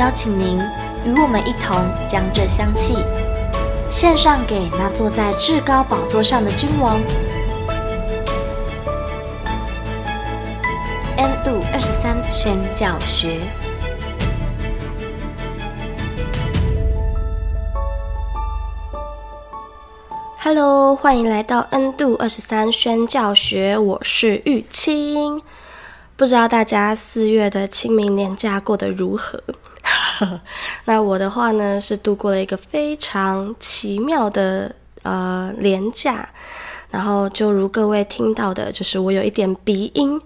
邀請您與我們一同將這香氣獻上給那坐在至高寶座上的君王。N 度二十三宣教學，Hello，歡迎來到 N 度二十三宣教學，我是玉清。不知道大家四月的清明年假過得如何？ 那我的話呢，是度過了一個非常奇妙的呃連假，然後就如各位聽到的，就是我有一點鼻音，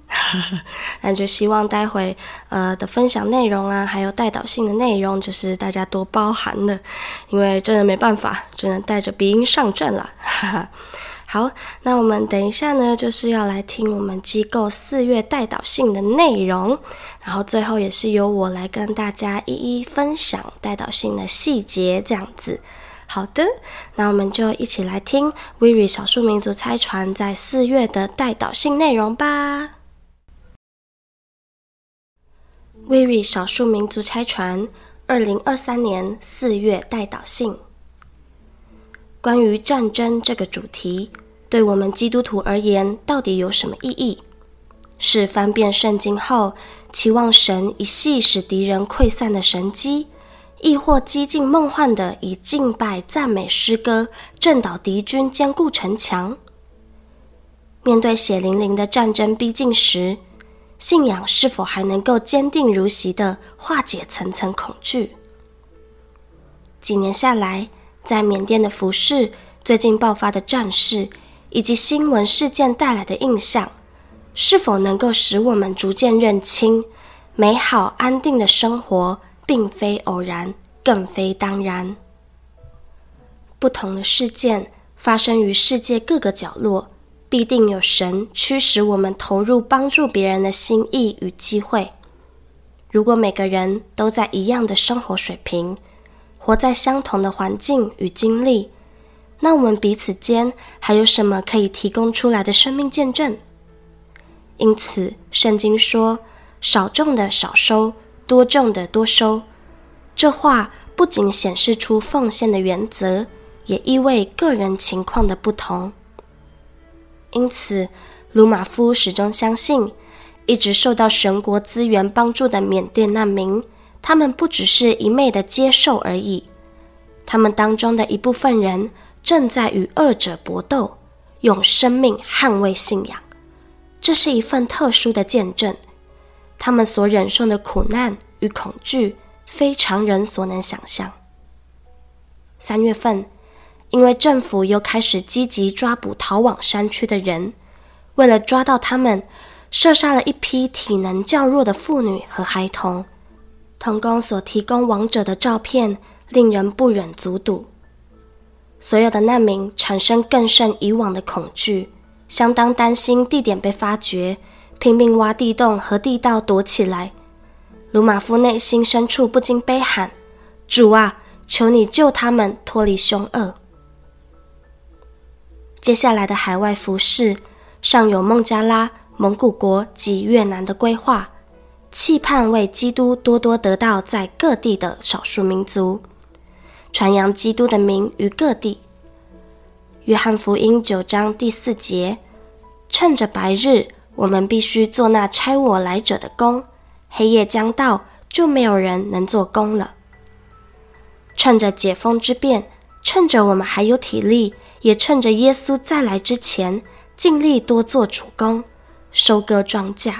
那 就希望待會呃的分享內容啊，還有代禱性的內容，就是大家多包涵的，因為真的沒辦法，只能帶着鼻音上陣了， 好，那我們等一下呢，就是要來聽我們機構四月代禱信的內容，然後最後也是由我來跟大家一一分享代禱信的細節，這樣子。好的，那我們就一起來聽 WIRI 少數民族差傳在四月的代禱信內容吧。WIRI 少數民族差傳二零二三年四月代禱信。關於戰爭這個主題，對我們基督徒而言，到底有什麼意義？是翻遍聖經後，期望神一夕使敵人潰散的神蹟，亦或激進夢幻的以敬拜讚美詩歌震倒敵軍堅固城牆？面對血淋淋的戰爭逼近時，信仰是否還能夠堅定如昔的化解層層恐懼？幾年下來，在緬甸的服侍、最近爆發的戰事以及新聞事件帶來的印象，是否能夠使我們逐漸認清，美好安定的生活並非偶然，更非當然？不同的事件發生於世界各個角落，必定有神驅使我們投入幫助別人的心意與機會。如果每個人都在一樣的生活水平，活在相同的環境與經歷，那我們彼此間還有什麼可以提供出來的生命見證？因此，聖經說：“少種的少收，多種的多收。”這話不僅顯示出奉獻的原則，也意味個人情況的不同。因此，魯馬夫始終相信，一直受到神國資源幫助的緬甸難民，他們不只是一昧的接受而已，他們當中的一部分人正在與惡者搏鬥，用生命捍衛信仰。這是一份特殊的見證，他們所忍受的苦難與恐懼，非常人所能想象。三月份，因為政府又開始積極抓捕逃往山區的人，為了抓到他們，射殺了一批體能較弱的婦女和孩童。成功，所提供亡者的照片，令人不忍卒睹。所有的難民產生更甚以往的恐懼，相當擔心地點被發掘，拼命挖地洞和地道躲起來。魯馬夫內心深處不禁悲喊：“主啊，求你救他們脫離兇惡！”接下來的海外服事，尚有孟加拉、蒙古國及越南的規劃。期盼為基督多多得到在各地的少數民族，傳揚基督的名於各地。約翰福音九章第四節：趁着白日，我們必須做那差我來者的工；黑夜將到，就沒有人能做工了。趁着解封之便，趁着我們還有體力，也趁着耶穌再來之前，盡力多做主工，收割莊稼。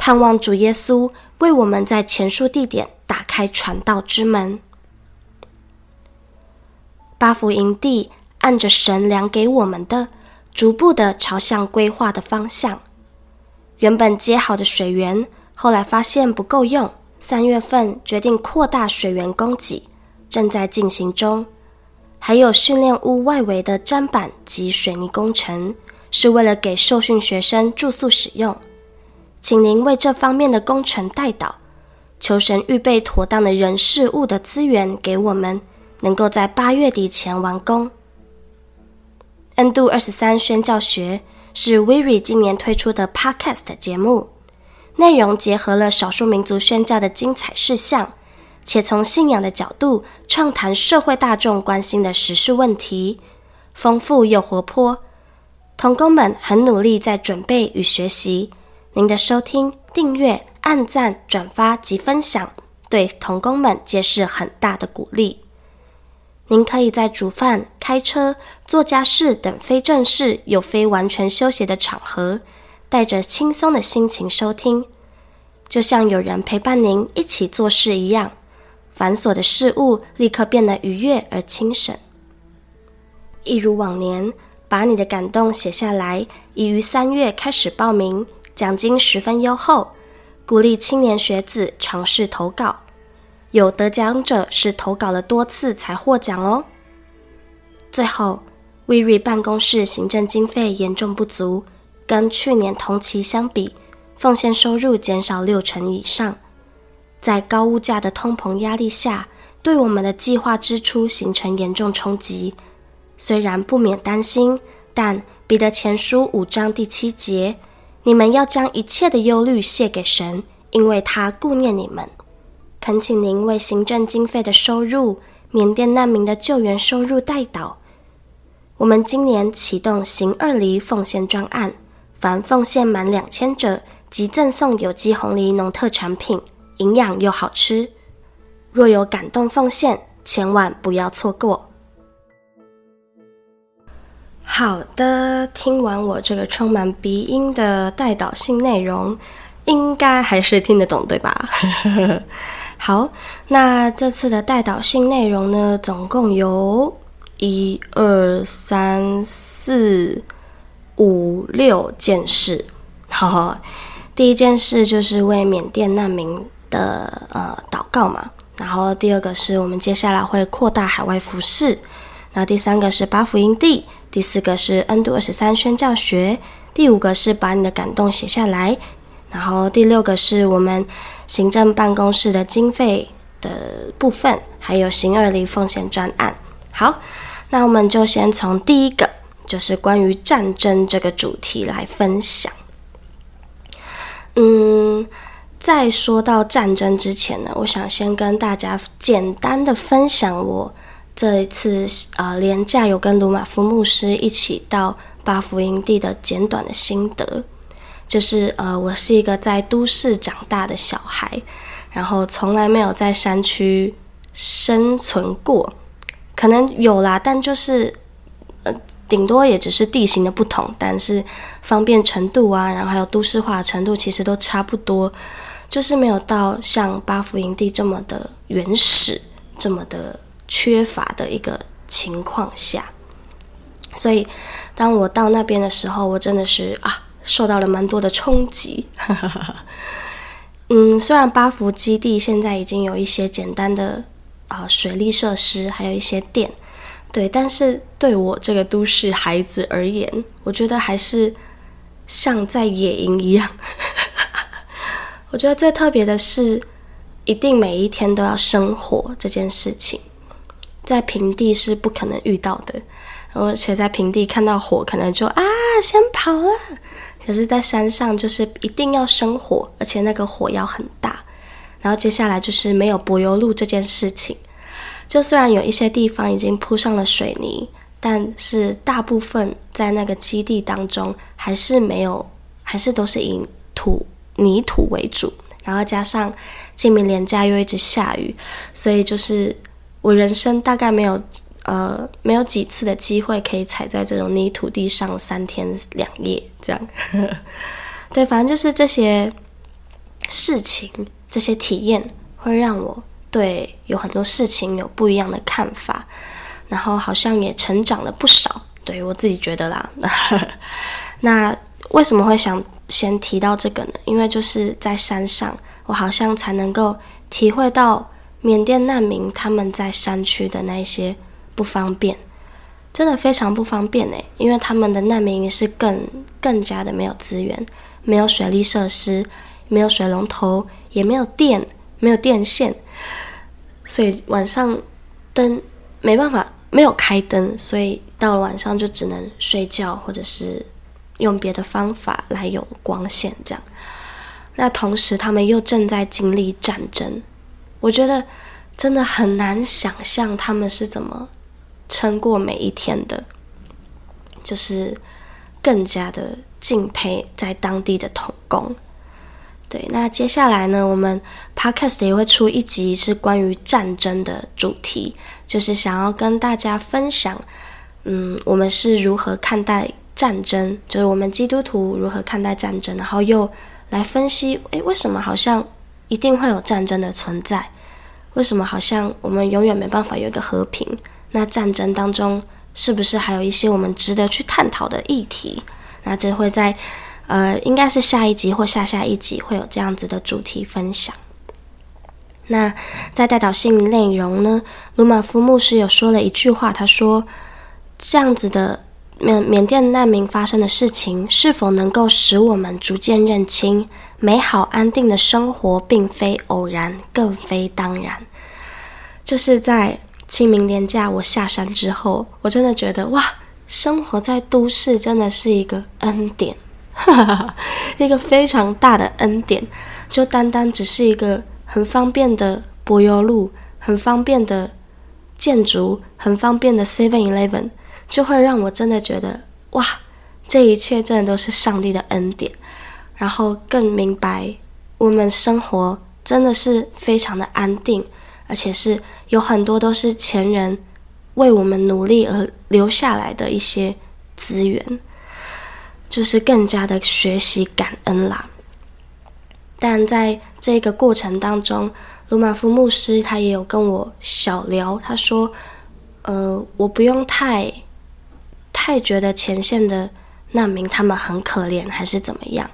盼望主耶穌為我們在前述地點打開傳道之門。八福營地按着神量給我們的，逐步的朝向規劃的方向。原本接好的水源，後來發現不夠用，三月份決定擴大水源供給，正在進行中。還有訓練屋外圍的砧板及水泥工程，是為了給受訓學生住宿使用。請您為這方面的工程代禱，求神預備妥當的人、事物的資源給我們，能夠在八月底前完工。N 度二十三宣教學是 WIRI 今年推出的 Podcast 節目，內容結合了少數民族宣教的精彩事項，且從信仰的角度暢談社會大眾關心的時事問題，豐富又活潑。同工們很努力在準備與學習。您的收聽、訂閱、按讚、轉發及分享，對同工們皆是很大的鼓勵。您可以在煮飯、開車、做家事等非正式、又非完全休息的場合，帶着輕鬆的心情收聽，就像有人陪伴您一起做事一樣，繁瑣的事物立刻變得愉悅而輕省。一如往年，把你的感動寫下來，已於三月開始報名。獎金十分優厚，鼓勵青年學子嘗試投稿。有得獎者是投稿了多次才獲獎哦。最後，WIRI 辦公室行政經費嚴重不足，跟去年同期相比，奉獻收入減少六成以上。在高物價的通膨壓力下，對我們的計劃支出形成嚴重衝擊。雖然不免擔心，但彼得前書五章第七節。你們要將一切的憂慮卸給神，因為他顧念你們。懇請您為行政經費的收入、緬甸難民的救援收入代禱。我們今年啟動行二藜奉獻專案，凡奉獻滿兩千者，即贈送有機紅藜農特產品，營養又好吃。若有感動奉獻，千萬不要錯過。好的，聽完我這個充滿鼻音的代禱信內容，應該還是聽得懂對吧？ 好，那這次的代禱信內容呢，總共有一二三四五六件事。 第一件事就是為緬甸難民的呃禱告嘛，然後第二個是我們接下來會擴大海外服事，然那第三個是八福營地。第四個是 N 度二十三宣教學，第五個是把你的感動寫下來，然後第六個是我們行政辦公室的經費的部分，還有行二藜奉獻專案。好，那我們就先從第一個，就是關於戰爭這個主題來分享。嗯，在說到戰爭之前呢，我想先跟大家簡單的分享我。這一次，呃，連假有跟魯馬夫牧師一起到八福營地的簡短的心得，就是，呃，我是一個在都市長大的小孩，然後從來沒有在山區生存過，可能有啦，但就是，呃，頂多也只是地形的不同，但是方便程度啊，然後還有都市化程度，其實都差不多，就是沒有到像八福營地這麼的原始，這麼的。缺乏的一個情況下，所以當我到那邊的時候，我真的是啊，受到了蠻多的衝擊。 嗯，雖然八福基地現在已經有一些簡單的啊、呃、水利設施，還有一些電，對，但是對我這個都市孩子而言，我覺得還是像在野營一樣。 我覺得最特別的是，一定每一天都要生火這件事情。在平地是不可能遇到的，而且在平地看到火可能就啊先跑了。可是，在山上就是一定要生火，而且那個火要很大。然後接下來就是沒有柏油路這件事情。就雖然有一些地方已經鋪上了水泥，但是大部分在那個基地當中還是沒有，還是都是以土泥土為主。然後加上清明連假又一直下雨，所以就是。我人生大概沒有，呃，沒有幾次的機會可以踩在這種泥土地上三天兩夜，這樣。 對，反正就是這些事情，這些體驗，會讓我對有很多事情有不一樣的看法，然後好像也成長了不少。對，我自己覺得啦。那 那為什麼會想先提到這個呢？因為就是在山上，我好像才能夠體會到。緬甸難民他們在山區的那一些不方便，真的非常不方便哎！因為他們的難民營是更更加的沒有資源，沒有水利設施，沒有水龍頭，也沒有電，沒有電線，所以晚上燈沒辦法沒有開燈，所以到了晚上就只能睡覺或者是用別的方法來有光線這樣。那同時他們又正在經歷戰爭。我覺得真的很難想象他們是怎麼撐過每一天的，就是更加的敬佩在當地的同工。對，那接下來呢，我們 podcast 也會出一集是關於戰爭的主題，就是想要跟大家分享，嗯，我們是如何看待戰爭，就是我們基督徒如何看待戰爭，然後又來分析，誒，為什麼好像。一定會有戰爭的存在，為什麼好像我們永遠沒辦法有一個和平？那戰爭當中是不是還有一些我們值得去探討的議題？那這會在，呃，應該是下一集或下下一集會有這樣子的主題分享。那在代禱信內容呢，魯馬夫牧師有說了一句話，他說這樣子的。緬緬甸難民發生的事情，是否能夠使我們逐漸認清美好安定的生活並非偶然，更非當然？就是在清明連假我下山之後，我真的覺得哇，生活在都市真的是一個恩典， 一個非常大的恩典。就單單只是一個很方便的柏油路，很方便的建築，很方便的 Seven Eleven。就會讓我真的覺得哇，這一切真的都是上帝的恩典，然後更明白我們生活真的是非常的安定，而且是有很多都是前人為我們努力而留下來的一些資源，就是更加的學習感恩啦。但在這個過程當中，魯馬夫牧師他也有跟我小聊，他說，呃，我不用太。太覺得前線的難民他們很可憐，還是怎麼樣？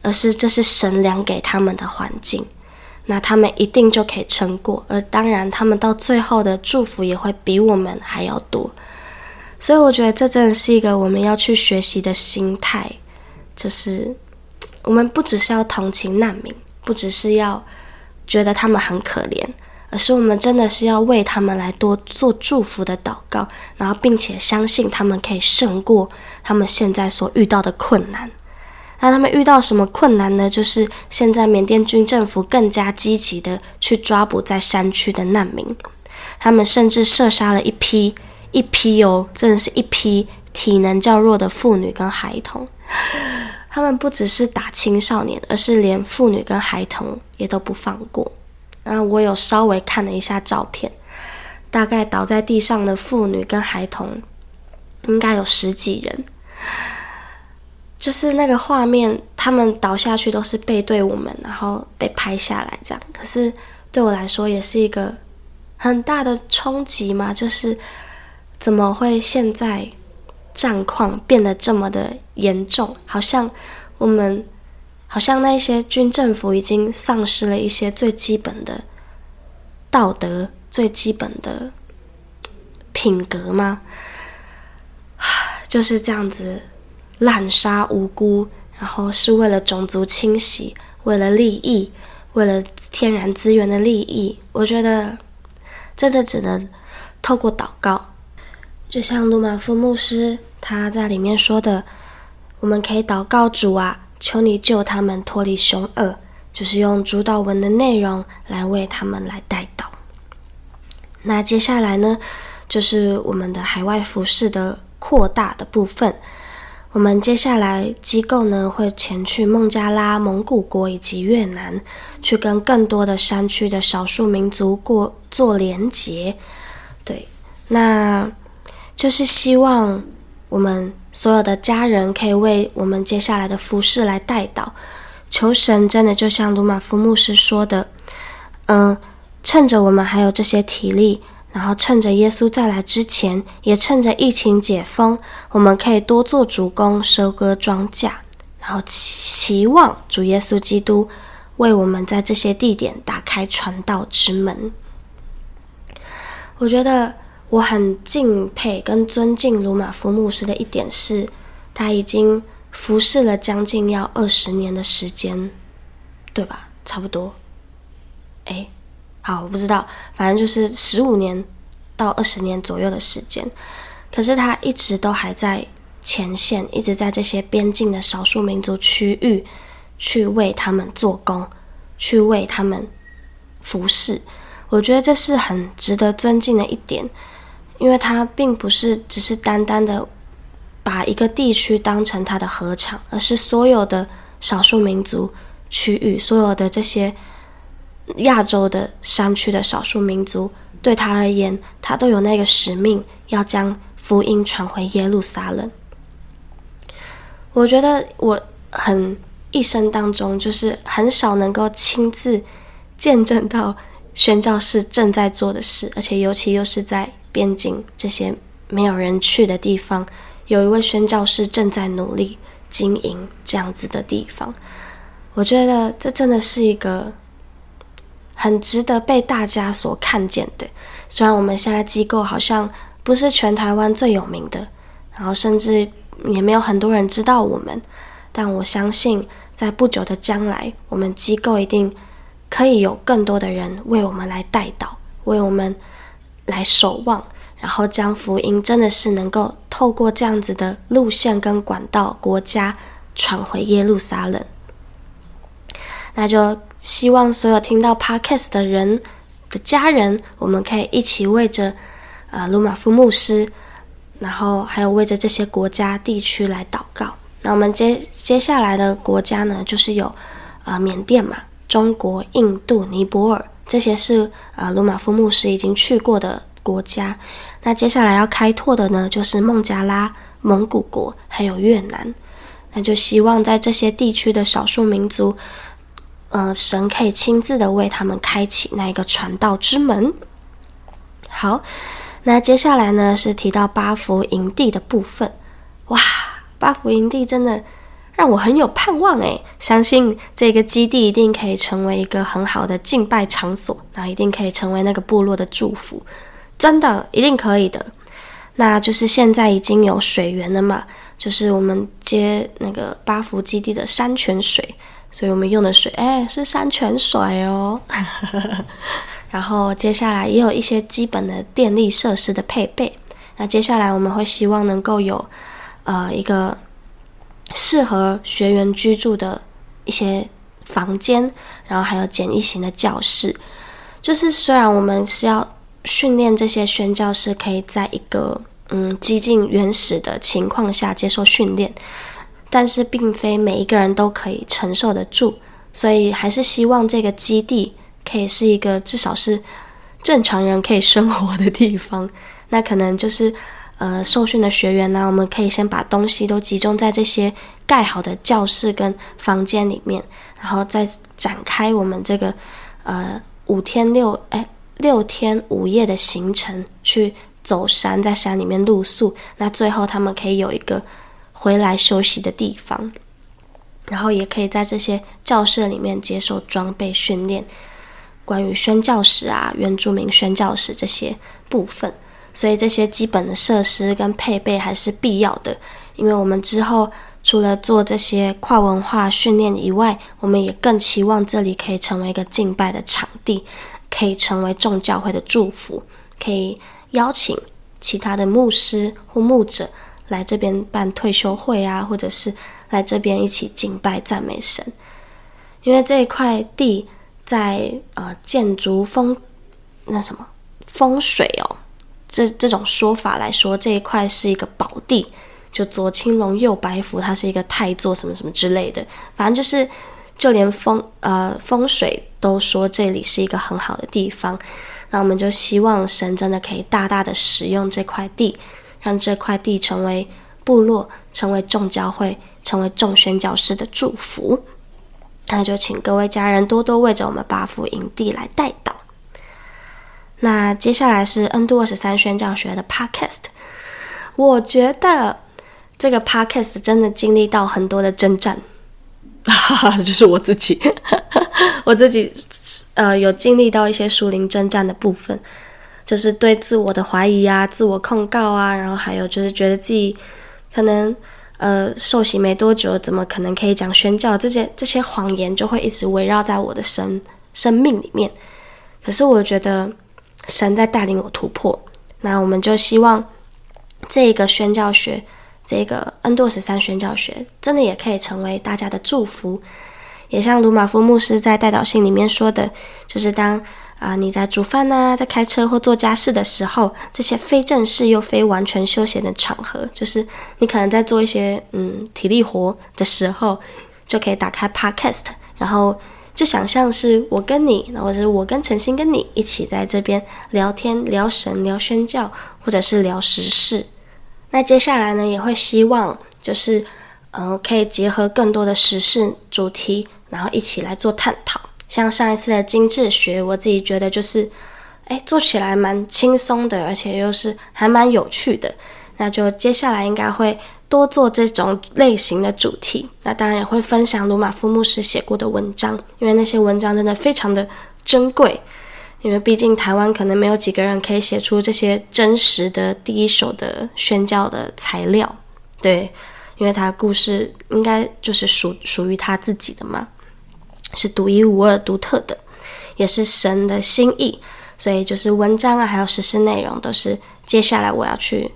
而是這是神量給他們的環境，那他們一定就可以撐過。而當然，他們到最後的祝福也會比我們還要多。所以，我覺得這真的是一個我們要去學習的心態，就是我們不只是要同情難民，不只是要覺得他們很可憐。而是我們真的是要為他們來多做祝福的禱告，然後並且相信他們可以勝過他們現在所遇到的困難。那他們遇到什麼困難呢？就是現在緬甸軍政府更加積極的去抓捕在山區的難民，他們甚至射殺了一批一批哦，真的是一批體能較弱的婦女跟孩童。 他們不只是打青少年，而是連婦女跟孩童也都不放過。然後我有稍微看了一下照片，大概倒在地上的婦女跟孩童應該有十幾人，就是那個畫面，他們倒下去都是背對我們，然後被拍下來這樣。可是對我來說也是一個很大的衝擊嘛，就是怎麼會現在戰況變得這麼的嚴重？好像我們。好像那些軍政府已經喪失了一些最基本的道德、最基本的品格嗎？就是這樣子濫殺無辜，然後是為了種族清洗，為了利益，為了天然資源的利益。我覺得真的只能透過禱告。就像魯馬夫牧師他在裡面說的：“我們可以禱告主啊。”求你救他們脫離兇惡，就是用主禱文的內容來為他們來代禱。那接下來呢，就是我們的海外服事的擴大的部分。我們接下來機構呢會前去孟加拉、蒙古國以及越南，去跟更多的山區的少數民族過做連結。對，那就是希望我們。所有的家人可以為我們接下來的服事來代禱，求神真的就像魯瑪夫牧師說的，嗯、呃，趁着我們還有這些體力，然後趁着耶穌再來之前，也趁着疫情解封，我們可以多做主工，收割莊稼，然後期，期望主耶穌基督為我們在這些地點打開傳道之門。我覺得。我很敬佩跟尊敬魯瑪夫牧師的一點是，他已經服侍了將近要二十年的時間，對吧？差不多，哎、欸，好，我不知道，反正就是十五年到二十年左右的時間。可是他一直都還在前線，一直在這些邊境的少數民族區域去為他們做工，去為他們服侍。我覺得這是很值得尊敬的一點。因為他並不是只是單單的把一個地區當成他的禾場，而是所有的少數民族區域，所有的這些亞洲的山區的少數民族，對他而言，他都有那個使命，要將福音傳回耶路撒冷。我覺得我很一生當中就是很少能夠親自見證到宣教士正在做的事，而且尤其又是在。邊境這些沒有人去的地方，有一位宣教士正在努力經營這樣子的地方。我覺得這真的是一個很值得被大家所看見的。雖然我們現在機構好像不是全台灣最有名的，然後甚至也沒有很多人知道我們，但我相信在不久的將來，我們機構一定可以有更多的人為我們來代禱，為我們。來守望，然後將福音真的是能夠透過這樣子的路線跟管道，國家傳回耶路撒冷。那就希望所有聽到 Podcast 的人的家人，我們可以一起為着呃魯馬夫牧師，然後還有為着這些國家地區來禱告。那我們接接下來的國家呢，就是有呃緬甸嘛、中國、印度、尼泊爾。這些是呃，魯馬夫牧師已經去過的國家。那接下來要開拓的呢，就是孟加拉、蒙古國還有越南。那就希望在這些地區的少數民族，呃，神可以親自的為他們開啟那一個傳道之門。好，那接下來呢是提到八福營地的部分。哇，八福營地真的。讓我很有盼望誒，相信這個基地一定可以成為一個很好的敬拜場所，那一定可以成為那個部落的祝福，真的一定可以的。那就是現在已經有水源了嘛，就是我們接那個八福基地的山泉水，所以我們用的水誒是山泉水哦。 然後接下來也有一些基本的電力設施的配備，那接下來我們會希望能夠有呃一個。適合學員居住的一些房間，然後還有簡易型的教室。就是雖然我們是要訓練這些宣教師可以在一個嗯幾近原始的情況下接受訓練，但是並非每一個人都可以承受得住，所以還是希望這個基地可以是一個至少是正常人可以生活的地方。那可能就是。呃，受訓的學員呢、啊，我們可以先把東西都集中在這些蓋好的教室跟房間裡面，然後再展開我們這個，呃，五天六哎六天五夜的行程去走山，在山裡面露宿。那最後他們可以有一個回來休息的地方，然後也可以在這些教室裡面接受裝備訓練，關於宣教室啊、原住民宣教室這些部分。所以這些基本的設施跟配備還是必要的，因為我們之後除了做這些跨文化訓練以外，我們也更期望這裡可以成為一個敬拜的場地，可以成為眾教會的祝福，可以邀請其他的牧師或牧者來這邊辦退休會啊，或者是來這邊一起敬拜讚美神。因為這一塊地在，呃，建築風，那什麼，風水哦。這這種說法來說，這一塊是一個寶地，就左青龍右白虎，它是一個太座什麼什麼之類的，反正就是就連風呃風水都說這裡是一個很好的地方。那我們就希望神真的可以大大的使用這塊地，讓這塊地成為部落，成為眾教會，成為眾宣教師的祝福。那就請各位家人多多為着我們八福營地來代禱。那接下來是恩多二十三宣教學的 podcast，我覺得這個 podcast 真的經歷到很多的爭戰，哈哈，就是我自己，哈哈，我自己呃有經歷到一些屬靈爭戰的部分，就是對自我的懷疑啊、自我控告啊，然後還有就是覺得自己可能呃受洗沒多久，怎麼可能可以講宣教，這些這些謊言就會一直圍繞在我的生生命裡面，可是我覺得。神在帶領我突破，那我們就希望這個宣教學，這個 N23 宣教學，真的也可以成為大家的祝福。也像魯瑪夫牧師在代禱信裡面說的，就是當啊、呃、你在煮飯呢、啊，在開車或做家事的時候，這些非正式又非完全休閒的場合，就是你可能在做一些嗯體力活的時候，就可以打開 Podcast，然後。就想象是我跟你，那或者是我跟陳星跟你一起在這邊聊天、聊神、聊宣教，或者是聊時事。那接下來呢，也會希望就是，嗯、呃，可以結合更多的時事主題，然後一起來做探討。像上一次的精致學，我自己覺得就是，誒，做起來蠻輕鬆的，而且又是還蠻有趣的。那就接下來應該會。多做這種類型的主題，那當然也會分享魯瑪夫牧師寫過的文章，因為那些文章真的非常的珍貴，因為畢竟台灣可能沒有幾個人可以寫出這些真實的、第一手的宣教的材料。對，因為他的故事應該就是屬屬於他自己的嘛，是獨一無二、獨特的，也是神的心意，所以就是文章啊，還有實施內容都是接下來我要去。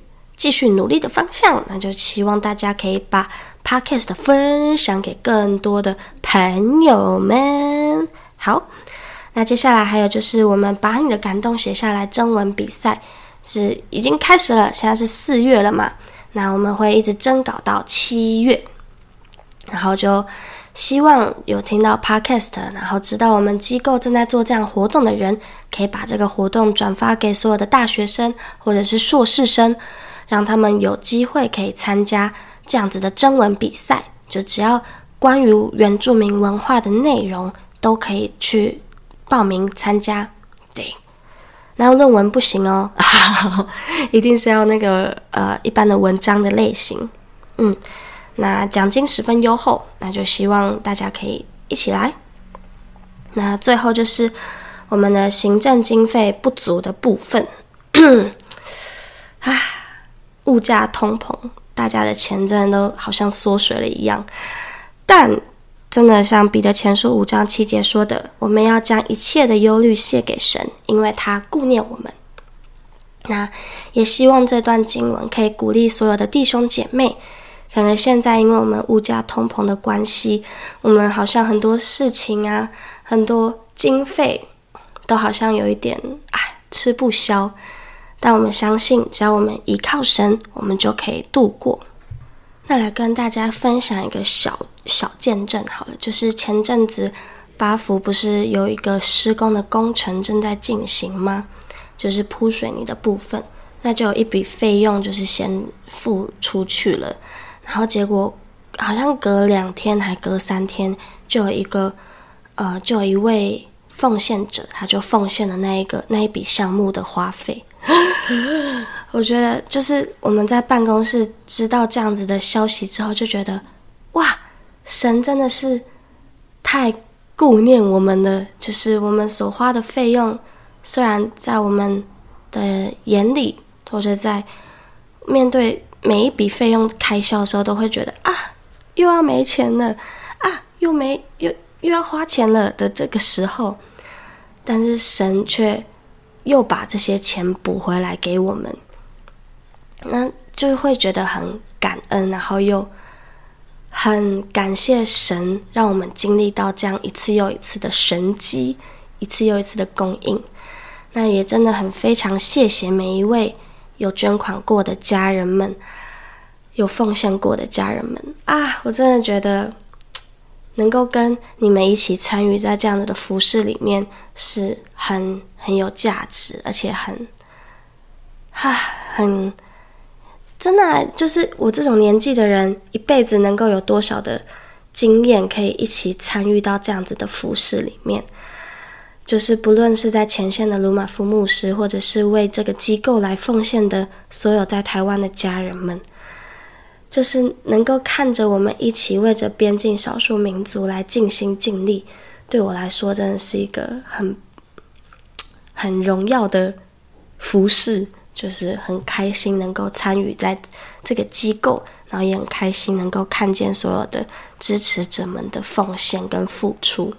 繼續努力的方向，那就希望大家可以把 Podcast 分享給更多的朋友們。好，那接下來還有就是，我們把你的感動寫下來徵文比賽是已經開始了，現在是四月了嘛？那我們會一直徵稿到七月，然後就希望有聽到 Podcast，然後知道我們機構正在做這樣活動的人，可以把這個活動轉發給所有的大學生或者是碩士生。讓他們有機會可以參加這樣子的徵文比賽，就只要關於原住民文化的內容都可以去報名參加。對，那論文不行哦， 一定是要那個 呃一般的文章的類型。嗯，那獎金十分優厚，那就希望大家可以一起來。那最後就是我們的行政經費不足的部分， 唉。物價通膨，大家的錢真的都好像縮水了一樣。但真的像彼得前書五章七節說的，我們要將一切的憂慮卸給神，因為他顧念我們。那也希望這段經文可以鼓勵所有的弟兄姐妹。可能現在因為我們物價通膨的關係，我們好像很多事情啊，很多經費都好像有一點唉，吃不消。但我們相信，只要我們依靠神，我們就可以度過。那來跟大家分享一個小小見證，好了，就是前陣子八福不是有一個施工的工程正在進行嗎？就是鋪水泥的部分，那就有一筆費用就是先付出去了，然後結果好像隔兩天還隔三天，就有一個呃，就有一位奉獻者，他就奉獻了那一個那一筆項目的花費。 我覺得，就是我們在辦公室知道這樣子的消息之後，就覺得，哇，神真的是太顧念我們了。就是我們所花的費用，雖然在我們的眼裡，或者在面對每一筆費用開銷的時候，都會覺得啊，又要沒錢了，啊，又沒又又要花錢了的這個時候，但是神卻。又把這些錢補回來給我們，那就會覺得很感恩，然後又很感謝神，讓我們經歷到這樣一次又一次的神蹟，一次又一次的供應。那也真的很非常謝謝每一位有捐款過的家人們，有奉獻過的家人們啊！我真的覺得。能夠跟你們一起參與在這樣子的服侍裡面，是很很有價值，而且很，哈，很真的、啊，就是我這種年紀的人，一輩子能夠有多少的經驗，可以一起參與到這樣子的服侍裡面，就是不論是在前線的魯馬夫牧師，或者是為這個機構來奉獻的所有在台灣的家人們。就是能夠看着我們一起為着邊境少數民族，來盡心盡力，對我來說真的是一個很很榮耀的服侍，就是很開心能夠參與在這個機構，然後也很開心能夠看見所有的支持者們的奉獻跟付出。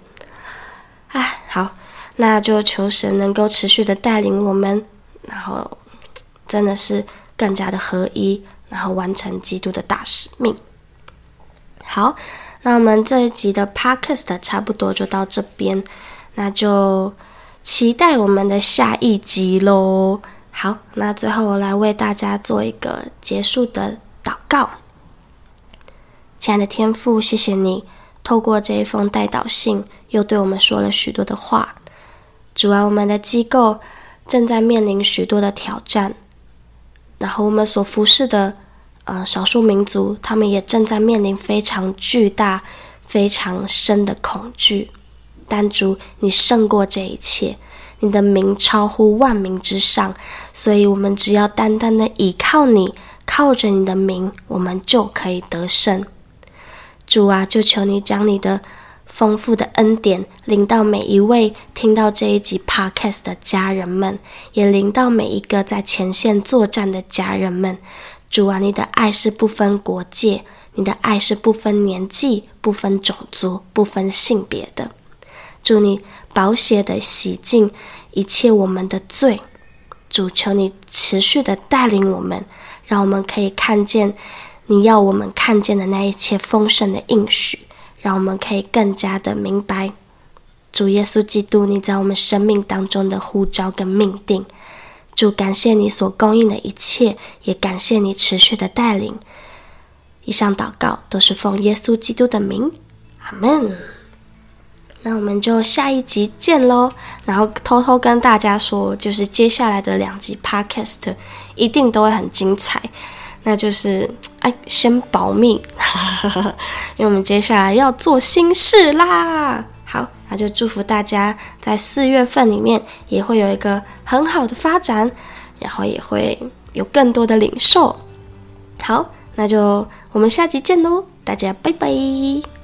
哎，好，那就求神能夠持續的帶領我們，然後真的是更加的合一。然後完成基督的大使命。好，那我們這一集的 Podcast 差不多就到這邊，那就期待我們的下一集嘍。好，那最後我來為大家做一個結束的禱告。親愛的天父，謝謝你透過這一封代禱信，又對我們說了許多的話。主啊，我們的機構正在面臨許多的挑戰。然後我們所服侍的，呃，少數民族，他們也正在面臨非常巨大、非常深的恐懼。但主，你勝過這一切，你的名超乎萬名之上，所以我們只要單單的倚靠你，靠着你的名，我們就可以得勝。主啊，就求你將你的豐富的恩典臨到每一位聽到這一集 podcast 的家人們，也臨到每一個在前線作戰的家人們。主啊，你的愛是不分國界，你的愛是不分年紀、不分種族、不分性別的。主，你寶血的洗淨一切我們的罪。主，求你持續的帶領我們，讓我們可以看見你要我們看見的那一切豐盛的應許。讓我們可以更加的明白，主耶穌基督你在我們生命當中的呼召跟命定。主，感謝你所供應的一切，也感謝你持續的帶領。以上禱告都是奉耶穌基督的名，阿門。那我們就下一集見嘍。然後偷偷跟大家說，就是接下來的兩集 Podcast 一定都會很精彩。那就是哎，先保密呵呵呵，因為我們接下來要做新事啦。好，那就祝福大家在四月份裡面也會有一個很好的發展，然後也會有更多的領受。好，那就我們下期見嘍，大家拜拜。